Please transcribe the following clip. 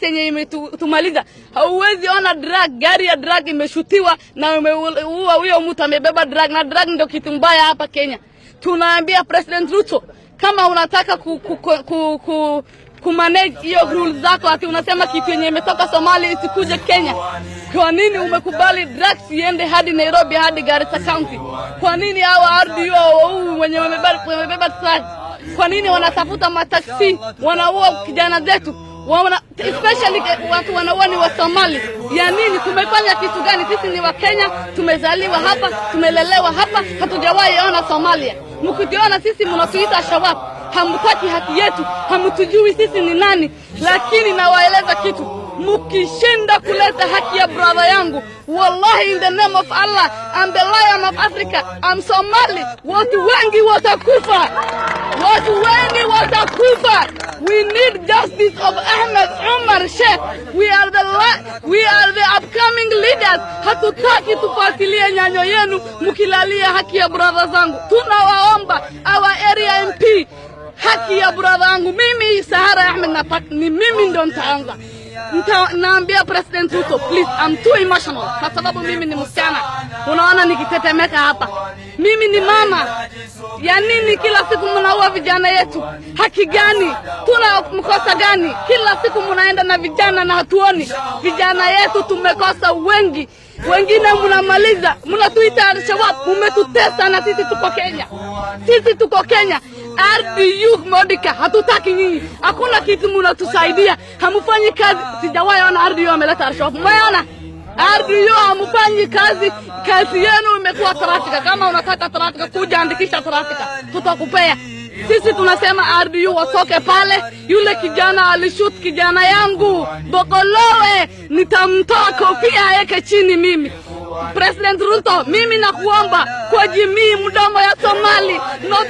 drugs yenye imetumaliza. Hauwezi ona drug, gari ya drug imeshutiwa na umeua huyo mtu amebeba drug, na drug ndio kitu mbaya hapa Kenya. Tunaambia President Ruto, kama unataka ku, ku, ku, ku, ku kumanage hiyo rules zako, ati unasema kitu yenye imetoka Somalia isikuje Kenya. Kwa nini umekubali drugs iende hadi Nairobi hadi Garissa County? Kwa nini hawa RDO wenye wamebeba kwa nini wanatafuta mataksi wanaua kijana zetu? wana, especially watu wanaua ni Somali. ya nini? Tumefanya kitu gani? Sisi ni Kenya, tumezaliwa hapa, tumelelewa hapa, hatujawahi ona Somalia. Mkituona sisi mnatuita Shawab, hamtaki haki yetu, hamtujui sisi ni nani. Lakini nawaeleza kitu, mkishinda kuleta haki ya brother yangu, wallahi, in the name of Allah, I'm the lion of Africa, I'm Somali, watu wengi watakufa. Watu wengi watakufa. We need justice of Ahmed Umar Sheikh. We are the, la we are the upcoming leaders. Hatutaki tufuatilie nyanyo yenu mkilalia haki ya brother zangu. Tunawaomba our area MP haki ya brother wangu. mimi Sahara Ahmed, ni mimi ndo nitaanza naambia President Ruto, please I'm too emotional, kwa sababu mimi ni msichana, unaona nikitetemeka hapa. Mimi ni mama, ya nini kila siku mnaua vijana yetu? Haki gani? Tuna mkosa gani? Kila siku mnaenda na vijana na hatuoni vijana yetu, tumekosa wengi wengine mnamaliza, mnatuita Alshabab, umetutesa na sisi tuko Kenya, sisi tuko Kenya ardhi yu Modika, hatutaki. Hakuna kitu mnatusaidia, hamufanyi kazi. Sijawahi ona ardhi yu ameleta arshofu, mmeona ardhi hiyo hamfanyi kazi, kazi yenu imekuwa trafika. Kama unataka trafika, kuja andikisha trafika, tutakupea sisi. Tunasema ardhi hiyo watoke pale. Yule kijana alishut kijana yangu Bokolowe, nitamtoa kofia yake chini. Mimi President Ruto, mimi nakuomba kwa jimii mdomo ya Somali not